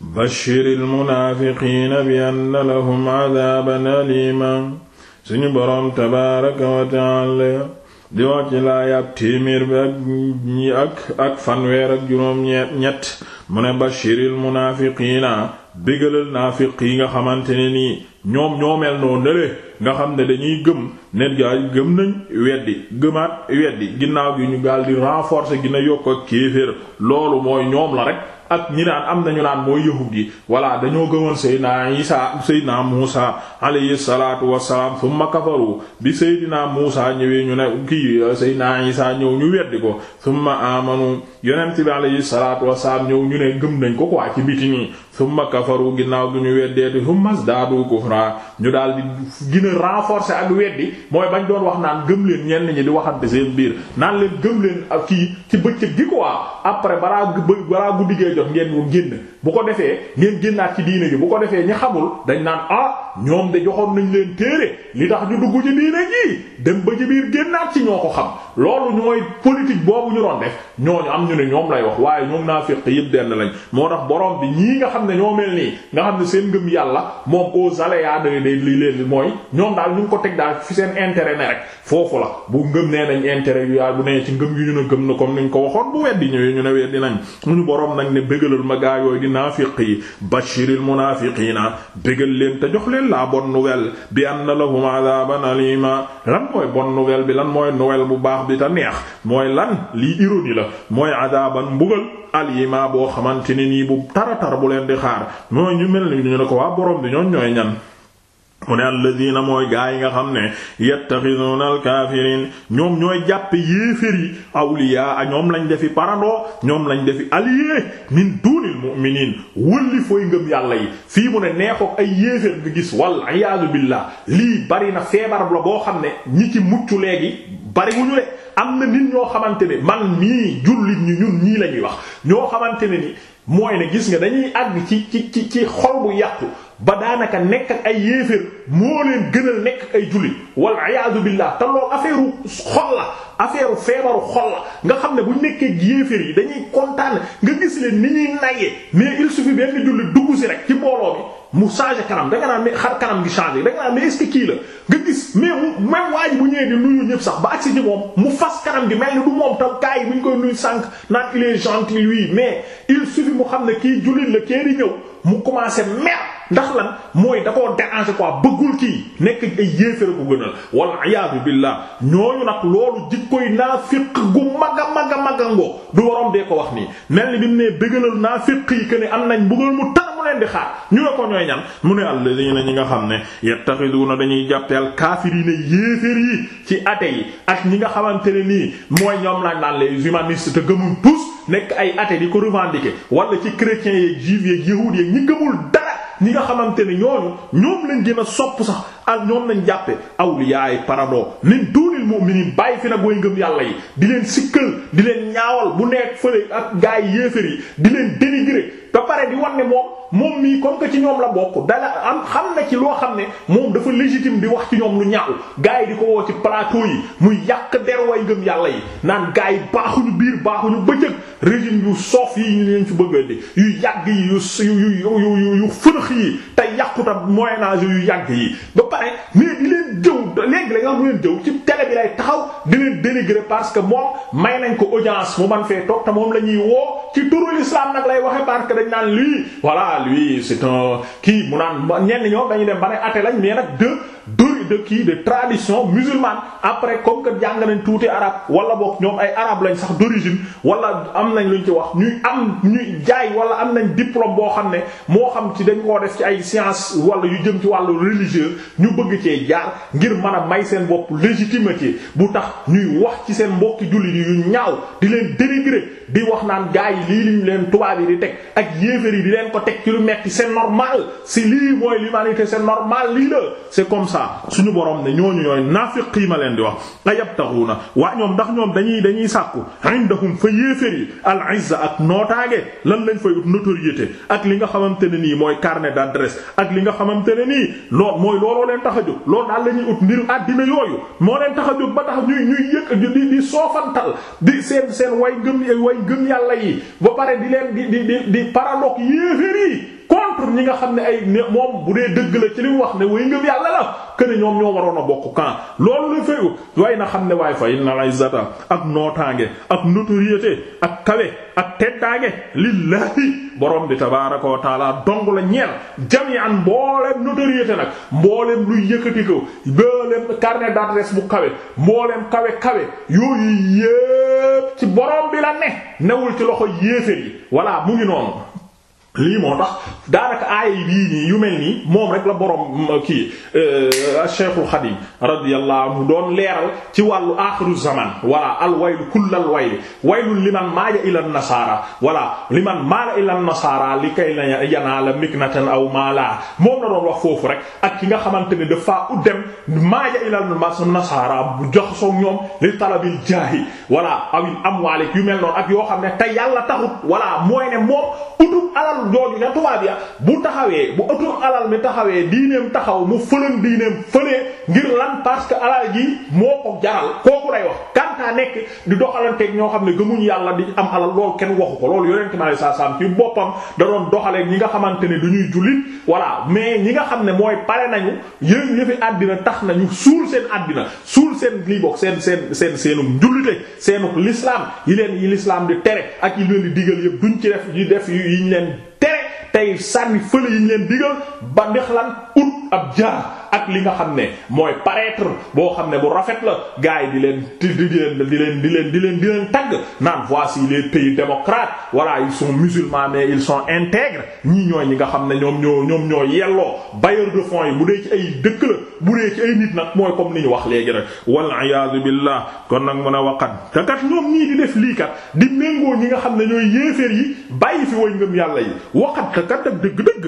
bashiril munaafiqiina bi anna lahum adaaban aliima suñu boroom tabaaraka wa taala di wax ci laayab téeméer bi ak ñi ak ak fanweer ak juróom ñett mu ne bashiril munaafiqiina bégalal naafiq yi nga xamante ni nii ñoom ñoomel noo nele nga xam ne dañuy gëm net gaa gëm nañ weddi gëmaat weddi ginnaaw gi ñu gaal di renforcer gina yokk ak kéeféer loolu mooy ñoom la rek ak ñi naan am nañu naan mooy yahud yi voilà dañoo gëmoon seydina isa seydina musa alayhi salaatu wassalaam summa kafaru bi seydina musa ñëwee ñu ne kii seydina isa ñëw ñu weddi ko summa amanu yonent bi alayhi salaatu wassalaam ñëw ñu ne gëm nañ ko quoi ci biti nii thumma kafaru ginnaaw gi ñu weddeeti thumma zdaadu kufra ñu daal di gën a renforcer ak weddi mooy bañ doon wax naan gëm leen ñenn ñi di waxante seen biir naan leen gëm leen ak kii ci bëccëg gi quoi après balaa balaa guddi gee jot ngeen woon génn bu ko defee ngeen génnaat ci diine ji bu ko defee ñi xamul dañ naan ah ñoom de joxoon nañ leen téere li tax ñu dugg ci diine ji dem ba ci biir génnaat ci ñoo ko xam loolu ñooy politique boobu ñu doon def ñooñu am ñu ne ñoom lay wax waaye ñoom naa féq yëpp denn lañ moo tax borom bi ñii nga xam ne ñoo mel nii nga xam ne seen ngëm yàlla moom aux aléas de li leen mooy ñoom daal ñu ngi ko teg daal fi seen intérêt ne rek foofu la bu ngëm nee nañ intérêt yu yaay bu nee ci ngëm yu gëm na comme niñ ko waxoon bu weddi ñëwee ñu ne weddi nañ muñu borom nag ne bégalal ma gaa yooyu di naafiq yi bashiril munaafiqiina bégal leen te jox leen la bonne nouvelle bi na lahum adaban alima lan mooy bonne nouvelle bi lan mooy nouvelle bu baax bi te neex mooy lan lii ironie la mooy adaban mbugal alima boo xamante ne nii bu taratar bu leen di xaar mooy ñu mel ni ne ko waa borom bi ñoon ñooy ñan mu ne alladina mooy gaa yi nga xam ne yattaxiduuna alkaafiriin ñoom ñooy jàppe yéefér yi awliyaa ñoom lañ defi parandoo ñoom lañ defi allié min duunil mu'miniin wëlli fooy ngëm yàlla yi fii mu ne neexoog ay yéefér bi gis wal iyaadu billah lii bari na feebar la boo xam ne ñi ci mucc léegi bari wuñu le am na nit ñoo xamante ne man mii jullit ñu ñun ñii la ñuy wax ñoo xamante ne ni mooy ne gis nga dañuy àgg ci ci ci ci xol bu yàqu ba daanaka nekk ay yéeféer moo leen gënal nekk ak ay jullit wal ayaadu billah te loolu affaire xol la affaire feebaru xol la nga xam ne bu nekkee yéeféer yi dañuy kontaan nga gis leen ni ñuy nayee mais il suffit benn jullit dugg si rek ci mbooloo bi mu changé kanam da naa naan mais xar kanam gi changé da nga naan mais kii la nga gis mais mu même waa ji bu ñëwee di nuyu ñëpp sax ba agsi ci moom mu fas kanam gi mel ni du moom tam gaa yi bu ñu koy nuyu sànq naan il est gentil mais il suffit xam ne kii jullit la kii di ñëw mu commencé mer. ndax lan mooy da koo déranger quoi bëggul kii nekk ay yéeféra ko gënal wal iyaadu billah ñooñu nag loolu jikkoy naafiq gu mag a mag a magangoo du waroon dee ko wax nii mel ni bi mu nee bëggalal naafiq yi que ne am nañ bëggal mu tar mu leen di xaar ñu ne ko ñooy ñan mu ne alladina ñi nga xam ne yattaxiduuna dañuy jàppeel ne yéefér yi ci athée yi ak ñi nga xamante ne nii mooy ñoom lañ naan les humanistes te gëmul tous nekk ay ate di ko revendiquer wala ci chrétiens yeeg juifs yeeg yahuud ñi nga xamante ne ñooñu ñoom lañ gën a sopp sax ak ñoom lañ jàppe awliyaay parado min duunil mu'minin bàyyi fi nag way ngëm yàlla yi di leen sikkal di leen ñaawal bu nekk fële ak gaay yéefér yi di leen dénigrer di wan moom moom mii comme que ci ñoom la bokk dala am xam na ci loo xam ne moom dafa légitime di wax ci ñoom lu ñaaw gars yi di ko woo ci plateau yi muy yàq der way ngëm yàlla yi naan gars yi baaxuñu biir baaxuñu bëccëg régime yu soof yi ñu leen ci bëgg di yu yàgg yi yu yu yu yu yu fënax yi te yàquta moyen âge yu yàgg yi ba pare mais di leen jëw léegi la nga xam leen jëw ci télé bi lay taxaw di leen dénigrer parce que moom may nañ ko audience mu man fee toog te moom la woo ci turu l'islam nag lay waxe parce que dañ naan lii voilà lui c'est un kii mu naan ñenn ñoom dañu dem ba ne athée lañ mais nag de de kii de tradition musulmane après comme que jàng nañ tuuti arab wala boog ñoom ay arab lañ sax d'origine wala am nañ luñ ci wax ñuy am ñuy jaay wala am nañ diplôme boo xam ne moo xam ci dañ koo def ci ay science wala yu jëm ci wàllu religieux ñu bëgg cee jaar ngir mën may seen bopp légitimité bu tax ñuy wax ci seen mbokki jullit yu ñaaw di leen dénigrer di wax naan gaa yi lii liñ leen tubaab yi di teg ak yéefar yi di leen ko teg ci lu metti c'est normal c'est lii mooy l'humanité c'est normal la c'est comme suñu borom ne ñooñu ñooy naafiqi ma leen di wax ayabtaxuuna waa ñoom ndax ñoom dañuy dañuy sàkku indahum fa yéefér yi al izza ak nootaage lan lañ fay ut notoriété ak li nga xamante ne nii mooy carnet d'adresse ak li nga xamante ne nii lool mooy looloo leen tax a jóg loolu daal lañuy ñuy ut mbir àddina yooyu moo leen tax a jóg ba tax ñuy ñuy yëkk di di soofantal di seen seen way gëm way gëm yàlla yi ba pare di leen di di di di paradoxe yi contre ñi nga xam ne ay ne moom bu dee dëgg la ci li wax ne way ngëm yàlla la këne ñoom ñoo waroon a bokk camp loolu la fayu way na xam ne waaye fa inna al izzata ak nootaange ak notoriété ak kawe ak teddaange lillahi borom bi tabaaraka wa taala dong la ñeel jami'an mbooleem notoriété nag mbooleem luy yëkkati ko mbooleem bu kawe mbooleem kawe kawe yooyu ci borom bi la ne newul ci loxo yéeféer yi walla mu ngi noonu lii moo tax daanaka aaya yi nii yu mel nii moom rek la borom mm, kii euh, Cheikhul Khadim radiyallahu anhu doon leeral ci wàllu axiru zaman wala al waylu kullal wayli liman maaja ila nasaara wala liman maala ila nasaara la miknatan aw maala moom la doon wax foofu rek ak ki nga xamante ne dafa ut dem maaja ila nasaara bu jox soog ñoom li talabil jaahi wala awil amwaalik yu mel noonu ak yoo xam ne te yàlla taxut wala mooy ne moom utub alal alal jooju ne tubaab ya bu taxawee bu ëttum alal mi taxawee diineem taxaw mu fëlan diineem fëlee ngir lan parce que alal ji moo ko jaral kooku day wax kantaa nekk di doxalanteek ñoo xam ne gëmuñu yàlla di am alal loolu kenn waxu ko lool yonente mi alei saa salaam ci boppam da doon ñi nga xamante ne du ñuy jullit voilà mais ñi nga xam ne mooy pare nañu yéen yëfi àddina tax nañu suul seen àddina suul seen lii bokk seen seen seen seenum njullite seenuk l'islam yi leen yi l'islam di tere ak yi leen di digal yëpp duñ ci def yi def yi ñu leen tey sànni fële yi ñu leen digal ba ndax lan ut ab jaar ak li nga xam ne mooy paraître boo xam ne bu rafet la gars yi di leen di leen di leen di leen di leen di leen tagg naan voici les pays démocrates voilà ils sont musulmans mais ils sont intègres ñii ñooy ñi nga xam ne ñoom ñoo ñoom ñoo yelloo bailleurs de fonds yi bu dee ci ay dëkk la bu dee ci ay nit nag mooy comme ni ñu wax léegi rek wal iyaadu billah kon nag mën a waqat te kat ñoom ñii di def lii kat di méngoo ñi nga xam ne ñooy yéeféer yi bàyyi fi way ngëm yàlla yi waqat te kat dëgg-dëgg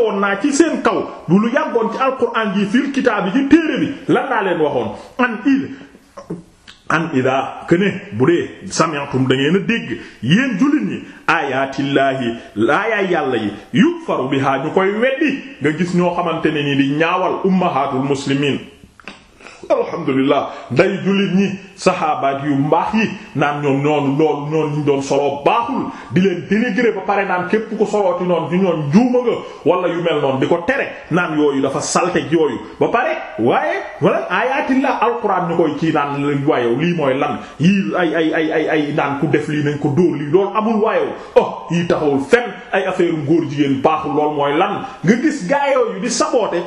woon naa ci seen kaw lu yàggoon ci alquran ji fil kitaab ci téere bi lan laa leen an il an ida këne bu dee sami'tum da ngeen a dégg yéen jullit ñi ayatillaahi laayaay yàlla yi yukfaru biha ñu koy weddi nga gis ñoo xamante ne nii di ñaawal ummahatul muslimin alhamdulilah nday jullit ñi saxaabaat yu mbaax yi naan ñoom ñoonu loolu ñoon ñu doon soloo baaxul di leen dénigré ba pare naan képp ku solooti noonu ñu ñoon juuma nga wala yu mel noonu di ko tere naan yooyu dafa salte yooyu ba pare waaye wala ayatillah alquran ñu koy ci naan waayow lii mooy lan yii ay ay ay ay ay naan ku def lii nañ ko dóor lii loolu amul waayow oh yii taxawul fenn ay affaire góor jigéen baaxul loolu mooy lan nga gis gaayoo yu di saboote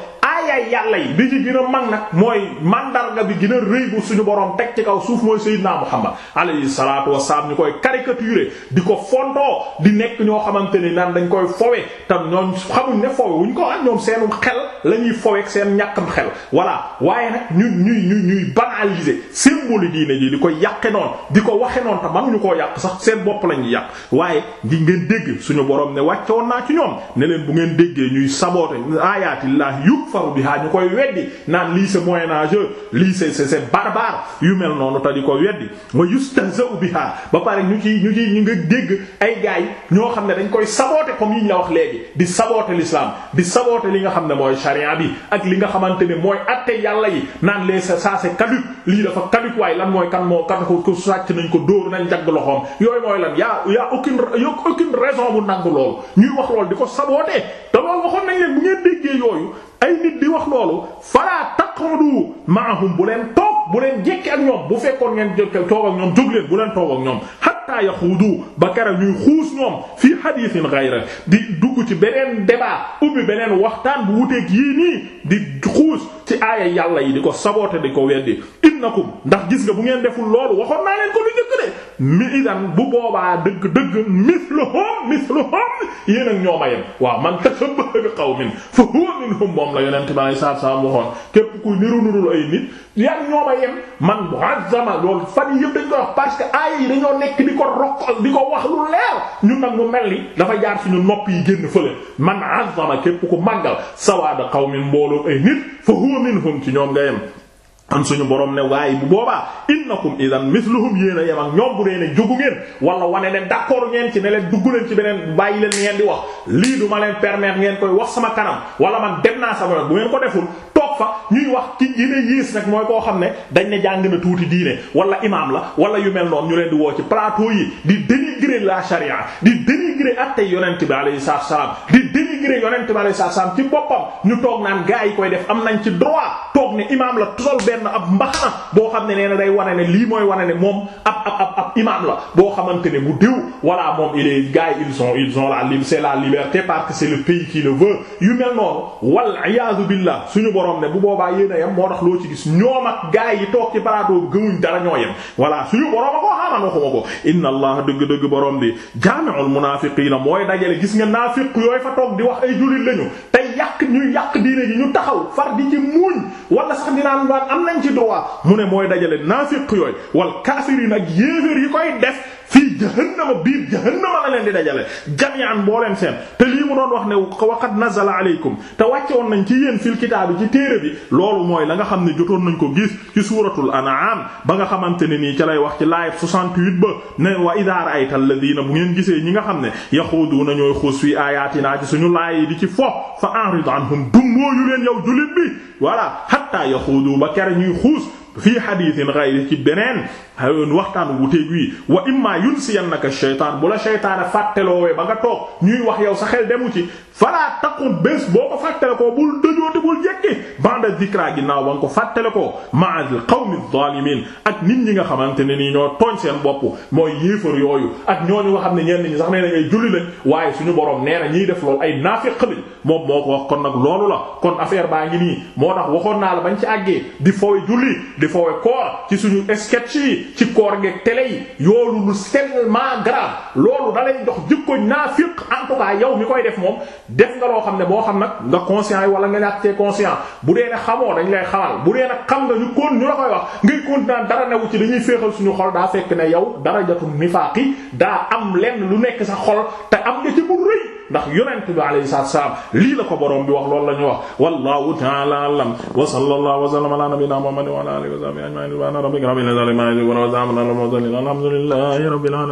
laayaay yàlla yi bi ci gën a mag nag mooy mandarga bi gën a rëy bu suñu borom teg ci kaw suuf mooy Seydina Muhammad alayhi salaatu wasalaam ñu koy caricaturer di ko fontoo di nekk ñoo xamante ni naan dañ koy fowe tam ñoom xamuñ ne fowe wuñ ko ak ah, ñoom seenum xel la ñuy fowe seen ñàkkam xel voilà waaye nag ñun ñuy ñuy ñuy banaliser symbole diine ji di ko yàqe noonu di ko waxe noonu te mënuñu koo yàq sax seen bopp lañuy yàq waaye di ngeen dégg suñu boroom ne wàccoon naa ci ñoom ne bu ngeen déggee ñuy saboote ayaatillahi yukfaru biha ñu koy weddi naan lii c'est moyen âge lii c'est c'est barbare yu mel noonu te di ko weddi wa yustahza'u biha ba pare ñu ci ñu ci ñu nga dégg ay gaay ñoo xam ne dañ koy saboote comme yiñ la wax léegi di saboote l'islam di saboote li nga xam ne mooy charia bi ak li nga xamante ne mooy atte yàlla yi naan lee sa ça c'est lii dafa caduc waaye mooy kan moo kan ko sàcc nañ ko dóor nañ jagg loxoom yooyu mooy lan yaa yaa aucune aucune raison bu nangu loolu ñuy wax loolu di ko saboote te loolu waxoon nañ leen bu ngeen déggee yooyu ay nit di wax loolu fala taq'udu ma'ahum bu leen toog bu leen jekki ak ñoom bu fekkoon ngeen toog ak ñoom jóg leen bu leen toog ak ñoom xatta yaxuudu ba keroog ñuy xuus ñoom fii xadiisin gayra di dugg ci beneen débat ubbi beneen waxtaan bu wuteeg yii nii di xuus ci aaya yàlla yi di ko saboote di ko weddi innakum ndax gis nga bu ngeen deful loolu waxoon naa leen ko lu njëkk de mi idan bu boobaa dëgg dëgg misluhum misluhum yéen ak ñoom a yem waaw man tashabbaha bi qawmin fa huwa minhum moom la yonent bi alayhi salaatu salaam waxoon képp ku niru nurul ay nit yan ñoom a yem man mu'azzama loolu fan di ko roqal di ko wax lu leer ñun nag mu mel ni dafa jaar suñu nopp yi génn fële man azama képp ku màggal sawaada qawmin mbooloo ay nit fa huwa minhum ci ñoom nga yem am suñu borom ne waaye bu boobaa innakum idan mithluhum yéen a yem ak ñoom bu dee ne jógu ngeen wala wane ne d'accord ngeen ci ne leen dugg leen ci beneen bàyyi leen ngeen di wax lii du ma leen permettre ngeen koy wax sama kanam wala man dem naa sama bu ngeen ko deful toog fa ñuy wax ci gën a yiis nag mooy koo xam ne dañ ne jàng na tuuti diine wala imaam la wala yu mel noonu ñu leen di woo ci plateau yi di dénigrer la charia di dénigrer attey yonent bi alayhi salaatu salaam di dénigrer yonent bi alayhi salaatu salaam ci boppam ñu toog naan gaa yi koy def am nañ ci droit toog ne imaam la sol benn ab mbaxana boo xam ne nee na day wane ne lii mooy wane ne moom ab ab ab ab imaam la boo xamante ne bu diw voilà moom il est gaa yi ils sont ils ont la lib c'est la liberté parce que c'est le pays qui le veut yu mel noonu wal iyaadu billah suñu borom ne bu boobaa yéen a yem moo tax loo ci gis ñoom ak gaa yi toog ci baraadoo a ko borom bi jaami'ul munaafiqiina mooy dajale gis nga naafiq fa toog di wax ay jullit lañu te yàq ñu yàq diine ji ñu taxaw far di ci muuñ wala sax di naan waan am nañ ci droit mu ne mooy dajale naafiq yooyu wal kaafiriin a yéeféer yi koy def jahannama biir jahannama la leen di dajale jami'an booleen seen te lii mu doon wax ne waqad nazala aleykum te wàcce woon nañ ci yéen fil kitaabi ci téere bi loolu mooy la nga xam ne jotoon nañ ko gis ci suuratul an'am ba nga xamante ne nii ca lay wax ci laayab 68 ba ne wa idha ra'ayta alladhina bu ngeen gisee ñi nga xam ne yaxuuduuna ñooy xuus fi ayatina ci suñu laay yi di ci fo fa a'rid anhum dummóoyu leen yow jullit bi voilà hatta yaxuudu ba kere ñuy xuus fii xadiisin xayri ci beneen xayoon waxtaan wuteeg wi wa imma yunsiyannaka shaytaan bu la shaytaana fàtteloowee ba nga toog ñuy wax yow sa xel demu ci falaa taqul bés boo ko fàttale koo bul dëjoote bul jekki banda dikra ginnaaw ba nga ko ma koo ma'al qawmi zalimin ak nit ñi nga xamante ne nii ñoo tooñ seen bopp mooy yéefar yooyu ak ñooñu nga xam ne ñenn ñi sax nee na ngay julli lañ waaye suñu borom nee na ñiy def loolu ay naafiq lañ moom moo ko wax kon nag loolu la kon affaire baa ngi nii moo tax waxoon naa la bañ ci àggee di foowe julli di foowe koor ci suñu sketch yi ci koor geeg télé yi yoolu lu tellement grave loolu da lay jox naa naafiq en tout cas yow mi koy def moom def nga loo xam ne boo xam nag nga conscient yi wala nga ñàkkee conscient bu dee ne xamoo dañ lay xamal bu dee nag xam nga ñu kon ñu la koy wax ngay continuer dara newu ci dañuy féexal suñu xol daa fekk ne yow dara jotul nifaaqi daa am lenn lu nekk sa xol te am ndax yonent bi alayhi salaam lii la ko borom bi wax loolu la ñu wax wallahu ta'ala a'lam wa sallallahu wa sallama ala nabiyyina muhammadin wa ala alihi wa sahbihi ajma'in subhana rabbika rabbil izzati amma yasifun wa salamun ala al mursalin alhamdulillahi rabbil alamin